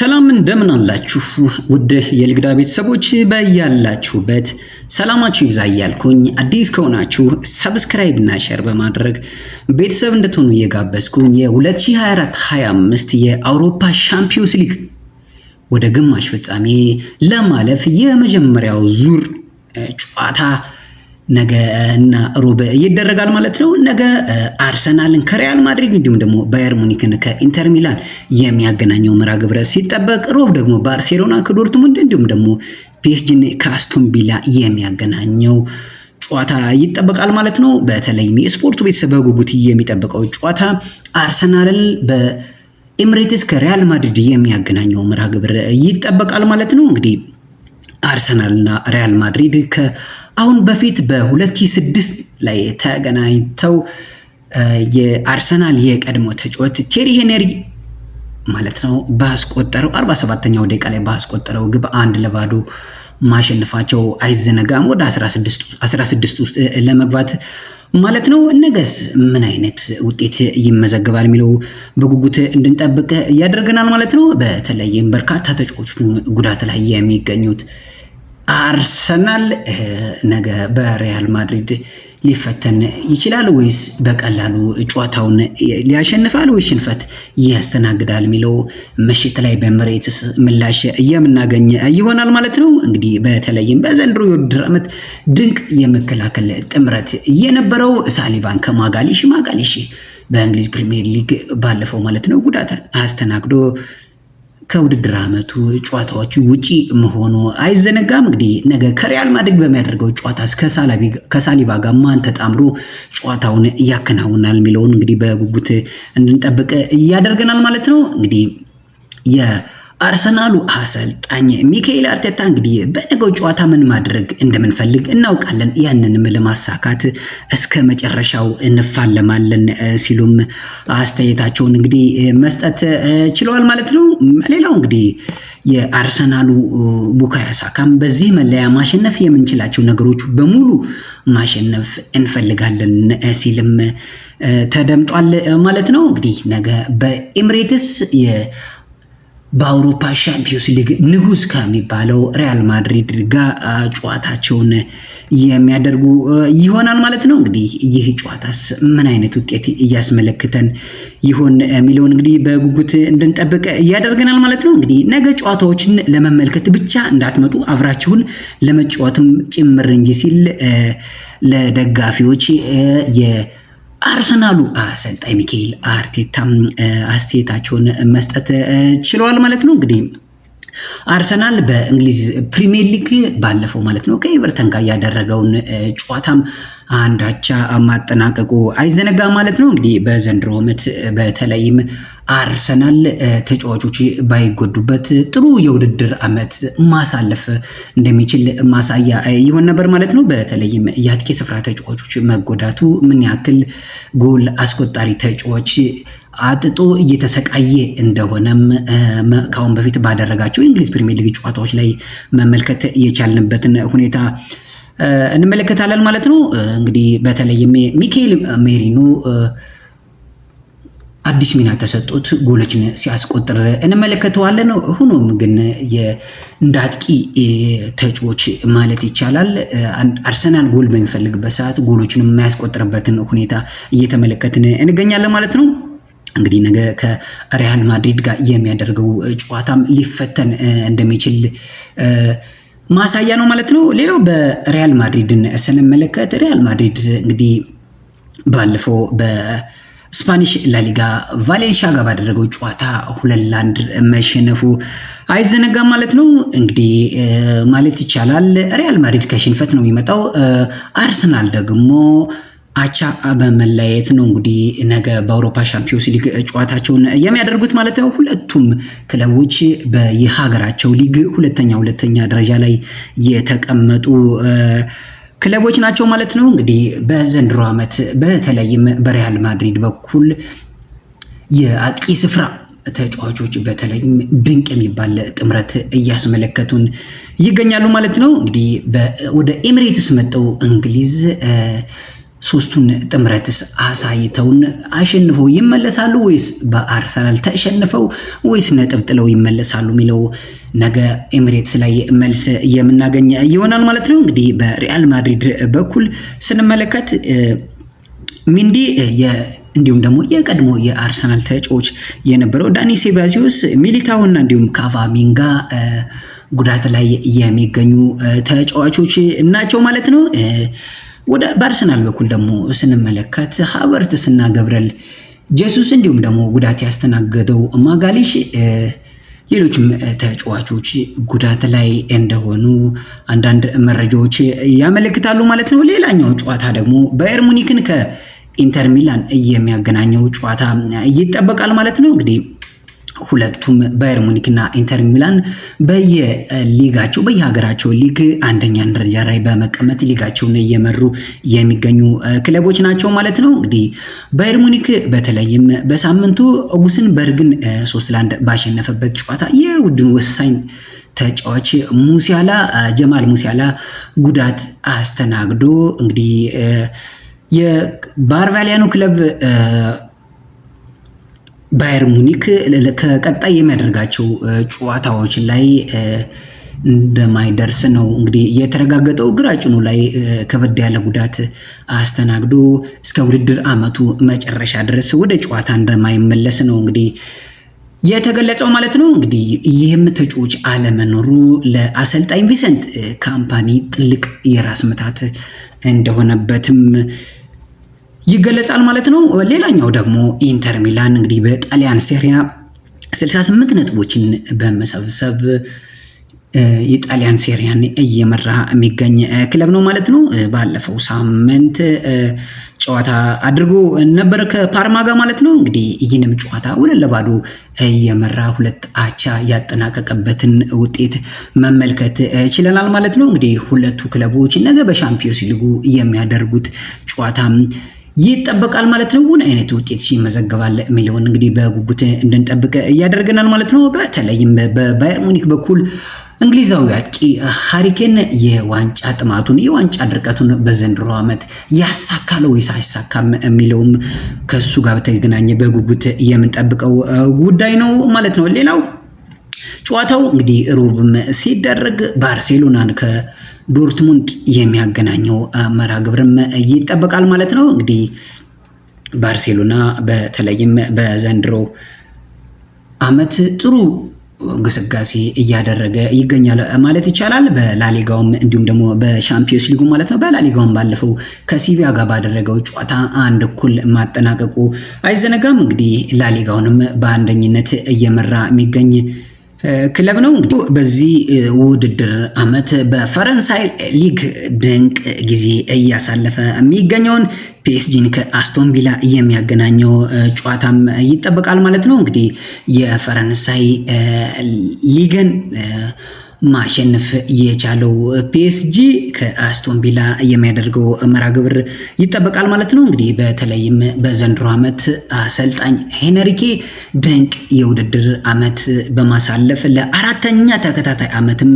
ሰላም እንደምን አላችሁ? ውድ የልግዳ ቤተሰቦች በያላችሁበት ሰላማችሁ ይብዛ እያልኩኝ አዲስ ከሆናችሁ ሰብስክራይብ እና ሼር በማድረግ ቤተሰብ እንድትሆኑ እየጋበዝኩኝ የ2024-25 የአውሮፓ ሻምፒዮንስ ሊግ ወደ ግማሽ ፍጻሜ ለማለፍ የመጀመሪያው ዙር ጨዋታ ነገ እና ሮብ ይደረጋል ማለት ነው። ነገ አርሰናልን ከሪያል ማድሪድ እንዲሁም ደግሞ ባየር ሙኒክን ከኢንተር ሚላን የሚያገናኘው መርሃ ግብረ ሲጠበቅ፣ ሮብ ደግሞ ባርሴሎና ከዶርትሙንድ እንዲሁም ደግሞ ፒኤስጂን ከአስቶን ቪላ የሚያገናኘው ጨዋታ ይጠበቃል ማለት ነው። በተለይም የስፖርቱ ቤተሰብ በጉጉት የሚጠብቀው ጨዋታ አርሰናልን በኤምሬትስ ከሪያል ማድሪድ የሚያገናኘው መርሃ ይጠበቃል ማለት ነው እንግዲህ አርሰናልና ሪያል ማድሪድ ከአሁን በፊት በ2006 ላይ ተገናኝተው የአርሰናል የቀድሞ ተጫዋች ቴሪ ሄነሪ ማለት ነው ባስቆጠረው 47ኛው ደቂቃ ላይ ባስቆጠረው ግብ አንድ ለባዶ ማሸንፋቸው አይዘነጋም። ወደ 16 ውስጥ ለመግባት ማለት ነው። ነገስ ምን አይነት ውጤት ይመዘግባል የሚለው በጉጉት እንድንጠብቅ ያደርገናል ማለት ነው። በተለይም በርካታ ተጫዋቾች ጉዳት ላይ የሚገኙት አርሰናል ነገ በሪያል ማድሪድ ሊፈተን ይችላል ወይስ በቀላሉ ጨዋታውን ሊያሸንፋል ወይ ሽንፈት ያስተናግዳል የሚለው ምሽት ላይ በመሬት ምላሽ የምናገኝ ይሆናል ማለት ነው። እንግዲህ በተለይም በዘንድሮ የውድድር ዓመት ድንቅ የመከላከል ጥምረት የነበረው ሳሊባን ከማጋሊሽ ማጋሊሽ በእንግሊዝ ፕሪሚየር ሊግ ባለፈው ማለት ነው ጉዳት አስተናግዶ ከውድድር ዓመቱ ጨዋታዎቹ ውጪ መሆኑ አይዘነጋም። እንግዲህ ነገ ከሪያል ማድሪድ በሚያደርገው ጨዋታ ከሳሊባ ጋር ማን ተጣምሮ ጨዋታውን ያከናውናል የሚለውን እንግዲህ በጉጉት እንድንጠብቅ እያደርገናል ማለት ነው እንግዲህ አርሰናሉ አሰልጣኝ ሚካኤል አርቴታ እንግዲህ በነገው ጨዋታ ምን ማድረግ እንደምንፈልግ እናውቃለን። ያንንም ለማሳካት እስከ መጨረሻው እንፋለማለን ሲሉም አስተያየታቸውን እንግዲህ መስጠት ችለዋል ማለት ነው። ሌላው እንግዲህ የአርሰናሉ ቡካዮ ሳካም በዚህ መለያ ማሸነፍ የምንችላቸው ነገሮች በሙሉ ማሸነፍ እንፈልጋለን ሲልም ተደምጧል ማለት ነው። እንግዲህ ነገ በኤምሬትስ በአውሮፓ ሻምፒዮንስ ሊግ ንጉስ ከሚባለው ሪያል ማድሪድ ጋር ጨዋታቸውን የሚያደርጉ ይሆናል ማለት ነው። እንግዲህ ይህ ጨዋታስ ምን አይነት ውጤት እያስመለክተን ይሆን የሚለውን እንግዲህ በጉጉት እንድንጠብቅ ያደርገናል ማለት ነው። እንግዲህ ነገ ጨዋታዎችን ለመመልከት ብቻ እንዳትመጡ አብራችሁን ለመጫወትም ጭምር እንጂ ሲል ለደጋፊዎች አርሰናሉ አሰልጣኝ ሚካኤል አርቴታ አስተያየታቸውን መስጠት ችለዋል ማለት ነው እንግዲህ አርሰናል በእንግሊዝ ፕሪሚየር ሊግ ባለፈው ማለት ነው ከኤቨርተን ጋር ያደረገውን ጨዋታም አንድ አቻ ማጠናቀቁ አይዘነጋ ማለት ነው። እንግዲህ በዘንድሮ ዓመት በተለይም አርሰናል ተጫዋቾች ባይጎዱበት ጥሩ የውድድር ዓመት ማሳለፍ እንደሚችል ማሳያ ይሆን ነበር ማለት ነው። በተለይም የአጥቂ ስፍራ ተጫዋቾች መጎዳቱ ምን ያክል ጎል አስቆጣሪ ተጫዋች አጥጦ እየተሰቃየ እንደሆነም ከአሁን በፊት ባደረጋቸው የእንግሊዝ ፕሪሚየር ሊግ ጨዋታዎች ላይ መመልከት የቻልንበትን ሁኔታ እንመለከታለን ማለት ነው። እንግዲህ በተለይ ሚካኤል ሜሪኖ አዲስ ሚና ተሰጡት ጎሎችን ሲያስቆጥር እንመለከተዋለን። ሆኖም ግን እንደ አጥቂ ተጫዋች ማለት ይቻላል አርሰናል ጎል በሚፈልግበት ሰዓት ጎሎችን የማያስቆጥርበትን ሁኔታ እየተመለከትን እንገኛለን ማለት ነው። እንግዲህ ነገ ከሪያል ማድሪድ ጋር የሚያደርገው ጨዋታም ሊፈተን እንደሚችል ማሳያ ነው ማለት ነው። ሌላው በሪያል ማድሪድን ስንመለከት ሪያል ማድሪድ እንግዲህ ባለፈው በስፓኒሽ ላሊጋ ቫሌንሺያ ጋር ባደረገው ጨዋታ ሁለት ለአንድ መሸነፉ አይዘነጋም ማለት ነው። እንግዲህ ማለት ይቻላል ሪያል ማድሪድ ከሽንፈት ነው የሚመጣው። አርሰናል ደግሞ አቻ በመለያየት ነው እንግዲህ ነገ በአውሮፓ ሻምፒዮንስ ሊግ ጨዋታቸውን የሚያደርጉት ማለት ነው። ሁለቱም ክለቦች በየሀገራቸው ሊግ ሁለተኛ ሁለተኛ ደረጃ ላይ የተቀመጡ ክለቦች ናቸው ማለት ነው። እንግዲህ በዘንድሮ ዓመት በተለይም በሪያል ማድሪድ በኩል የአጥቂ ስፍራ ተጫዋቾች በተለይም ድንቅ የሚባል ጥምረት እያስመለከቱን ይገኛሉ ማለት ነው። እንግዲህ ወደ ኤሚሬትስ መጠው እንግሊዝ ሶስቱን ጥምረትስ አሳይተውን አሸንፈው ይመለሳሉ ወይስ በአርሰናል ተሸንፈው ወይስ ነጥብ ጥለው ይመለሳሉ የሚለው ነገ ኤሚሬትስ ላይ መልስ የምናገኝ ይሆናል ማለት ነው። እንግዲህ በሪያል ማድሪድ በኩል ስንመለከት ሚንዲ እንዲሁም ደግሞ የቀድሞ የአርሰናል ተጫዋች የነበረው ዳኒ ሴባሲዮስ፣ ሚሊታውና እንዲሁም ካቫሚንጋ ጉዳት ላይ የሚገኙ ተጫዋቾች ናቸው ማለት ነው። ወደ በአርሰናል በኩል ደግሞ ስንመለከት ሀቨርትስ እና ገብርኤል ጄሱስ እንዲሁም ደግሞ ጉዳት ያስተናገደው ማጋሊሽ ሌሎችም ተጫዋቾች ጉዳት ላይ እንደሆኑ አንዳንድ መረጃዎች ያመለክታሉ ማለት ነው። ሌላኛው ጨዋታ ደግሞ ባየር ሙኒክን ከኢንተር ሚላን የሚያገናኘው ጨዋታ ይጠበቃል ማለት ነው እንግዲህ ሁለቱም ባየር ሙኒክና ኢንተር ሚላን በየሊጋቸው በየሀገራቸው ሊግ አንደኛ ደረጃ ላይ በመቀመጥ ሊጋቸውን እየመሩ የሚገኙ ክለቦች ናቸው ማለት ነው። እንግዲህ ባየር ሙኒክ በተለይም በሳምንቱ ኦጉስን በርግን ሶስት ለአንድ ባሸነፈበት ጨዋታ የውድን ወሳኝ ተጫዋች ሙሲያላ ጀማል ሙሲያላ ጉዳት አስተናግዶ እንግዲህ የባርቫሊያኑ ክለብ ባየር ሙኒክ ከቀጣይ የሚያደርጋቸው ጨዋታዎች ላይ እንደማይደርስ ነው እንግዲህ የተረጋገጠው። ግራጭኑ ላይ ከበድ ያለ ጉዳት አስተናግዶ እስከ ውድድር ዓመቱ መጨረሻ ድረስ ወደ ጨዋታ እንደማይመለስ ነው እንግዲህ የተገለጸው ማለት ነው። እንግዲህ ይህም ተጫዋች አለመኖሩ ለአሰልጣኝ ቪሰንት ካምፓኒ ትልቅ የራስ ምታት እንደሆነበትም ይገለጻል ማለት ነው። ሌላኛው ደግሞ ኢንተር ሚላን እንግዲህ በጣሊያን ሴሪያ 68 ነጥቦችን በመሰብሰብ የጣሊያን ሴሪያን እየመራ የሚገኝ ክለብ ነው ማለት ነው። ባለፈው ሳምንት ጨዋታ አድርጎ ነበር ከፓርማ ጋር ማለት ነው። እንግዲህ ይህንም ጨዋታ ሁለት ለባዶ እየመራ ሁለት አቻ ያጠናቀቀበትን ውጤት መመልከት ችለናል ማለት ነው። እንግዲህ ሁለቱ ክለቦች ነገ በሻምፒዮንስ ሊጉ የሚያደርጉት ጨዋታ ይጠበቃል ማለት ነው። ምን አይነት ውጤት ይመዘገባል የሚለውን እንግዲህ በጉጉት እንድንጠብቅ እያደረገናል ማለት ነው። በተለይም በባየር ሙኒክ በኩል እንግሊዛዊ አጥቂ ሃሪኬን የዋንጫ ጥማቱን የዋንጫ ድርቀቱን በዘንድሮ ዓመት ያሳካል ወይስ አይሳካም የሚለውም ከሱ ጋር በተገናኘ በጉጉት የምንጠብቀው ጉዳይ ነው ማለት ነው። ሌላው ጨዋታው እንግዲህ ሩብም ሲደረግ ባርሴሎናን ከ ዶርትሙንድ የሚያገናኘው መርሃ ግብርም ይጠበቃል ማለት ነው። እንግዲህ ባርሴሎና በተለይም በዘንድሮ ዓመት ጥሩ ግስጋሴ እያደረገ ይገኛል ማለት ይቻላል። በላሊጋውም እንዲሁም ደግሞ በሻምፒዮንስ ሊጉ ማለት ነው። በላሊጋውም ባለፈው ከሲቪያ ጋር ባደረገው ጨዋታ አንድ እኩል ማጠናቀቁ አይዘነጋም። እንግዲህ ላሊጋውንም በአንደኝነት እየመራ የሚገኝ ክለብ ነው። እንግዲህ በዚህ ውድድር ዓመት በፈረንሳይ ሊግ ድንቅ ጊዜ እያሳለፈ የሚገኘውን ፒኤስጂን ከአስቶን ቪላ የሚያገናኘው ጨዋታም ይጠበቃል ማለት ነው። እንግዲህ የፈረንሳይ ሊግን ማሸነፍ የቻለው ፒኤስጂ ከአስቶን ቪላ የሚያደርገው መርሃ ግብር ይጠበቃል ማለት ነው። እንግዲህ በተለይም በዘንድሮ ዓመት አሰልጣኝ ሄነሪኬ ድንቅ የውድድር ዓመት በማሳለፍ ለአራተኛ ተከታታይ ዓመትም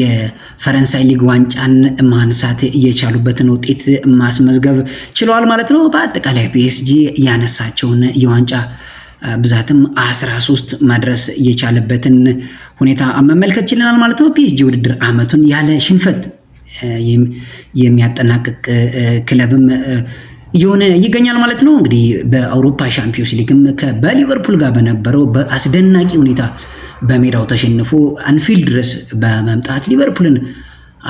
የፈረንሳይ ሊግ ዋንጫን ማንሳት የቻሉበትን ውጤት ማስመዝገብ ችለዋል ማለት ነው። በአጠቃላይ ፒኤስጂ ያነሳቸውን የዋንጫ ብዛትም 13 ማድረስ የቻለበትን ሁኔታ መመልከት ችለናል ማለት ነው። ፒኤስጂ ውድድር ዓመቱን ያለ ሽንፈት የሚያጠናቅቅ ክለብም እየሆነ ይገኛል ማለት ነው። እንግዲህ በአውሮፓ ሻምፒዮንስ ሊግም በሊቨርፑል ጋር በነበረው በአስደናቂ ሁኔታ በሜዳው ተሸንፎ አንፊልድ ድረስ በመምጣት ሊቨርፑልን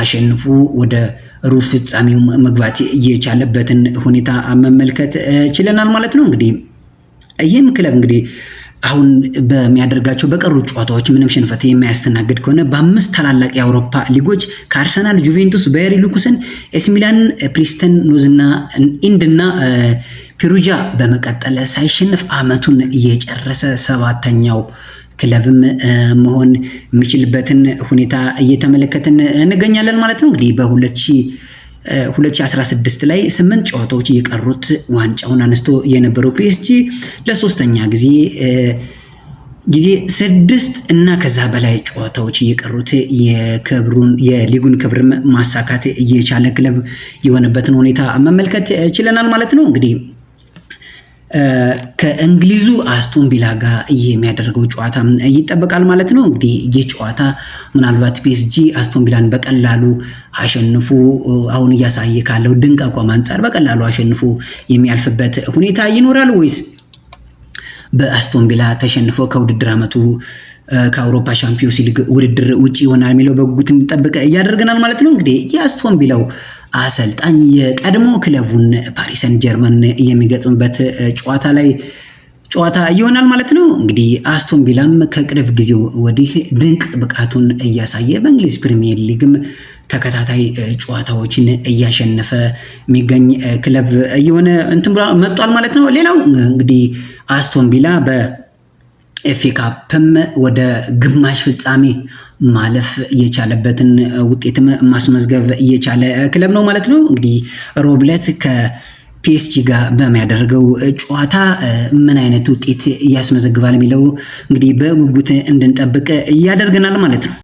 አሸንፎ ወደ ሩብ ፍጻሜው መግባት የቻለበትን ሁኔታ መመልከት ችለናል ማለት ነው እንግዲህ ይህም ክለብ እንግዲህ አሁን በሚያደርጋቸው በቀሩ ጨዋታዎች ምንም ሽንፈት የማያስተናግድ ከሆነ በአምስት ታላላቅ የአውሮፓ ሊጎች ከአርሰናል፣ ጁቬንቱስ፣ ባየር ሉኩስን፣ ኤስሚላን ሚላን፣ ፕሪስተን ኖዝና ኢንድና ፔሩጃ በመቀጠል ሳይሸነፍ አመቱን እየጨረሰ ሰባተኛው ክለብም መሆን የሚችልበትን ሁኔታ እየተመለከትን እንገኛለን ማለት ነው እንግዲህ በሁለት 2016 ላይ ስምንት ጨዋታዎች እየቀሩት ዋንጫውን አነስቶ የነበረው ፒኤስጂ ለሶስተኛ ጊዜ ጊዜ ስድስት እና ከዛ በላይ ጨዋታዎች እየቀሩት የክብሩን የሊጉን ክብርም ማሳካት እየቻለ ክለብ የሆነበትን ሁኔታ መመልከት ችለናል ማለት ነው እንግዲህ ከእንግሊዙ አስቶን ቪላ ጋር የሚያደርገው ጨዋታ ይጠበቃል ማለት ነው። እንግዲህ ይህ ጨዋታ ምናልባት ፒኤስጂ አስቶን ቪላን በቀላሉ አሸንፎ አሁን እያሳየ ካለው ድንቅ አቋም አንጻር በቀላሉ አሸንፎ የሚያልፍበት ሁኔታ ይኖራል ወይስ በአስቶን ቪላ ተሸንፎ ከውድድር ዓመቱ ከአውሮፓ ሻምፒዮንስ ሊግ ውድድር ውጭ ይሆናል የሚለው በጉጉት እንጠብቅ እያደርገናል ማለት ነው። እንግዲህ የአስቶን ቪላው አሰልጣኝ የቀድሞ ክለቡን ፓሪሰን ጀርመን የሚገጥምበት ጨዋታ ላይ ጨዋታ ይሆናል ማለት ነው። እንግዲህ አስቶን ቪላም ከቅርብ ጊዜው ወዲህ ድንቅ ብቃቱን እያሳየ በእንግሊዝ ፕሪሚየር ሊግም ተከታታይ ጨዋታዎችን እያሸነፈ የሚገኝ ክለብ እየሆነ እንትን መጥቷል ማለት ነው። ሌላው እንግዲህ አስቶን ቪላ በ ኤፍ ወደ ግማሽ ፍጻሜ ማለፍ የቻለበትን ውጤትም ማስመዝገብ እየቻለ ክለብ ነው ማለት ነው። እንግዲህ ሮብለት ከፒኤስጂ ጋር በሚያደርገው ጨዋታ ምን አይነት ውጤት ያስመዘግባል የሚለው እንግዲህ በጉጉት እንድንጠብቅ ያደርገናል ማለት ነው።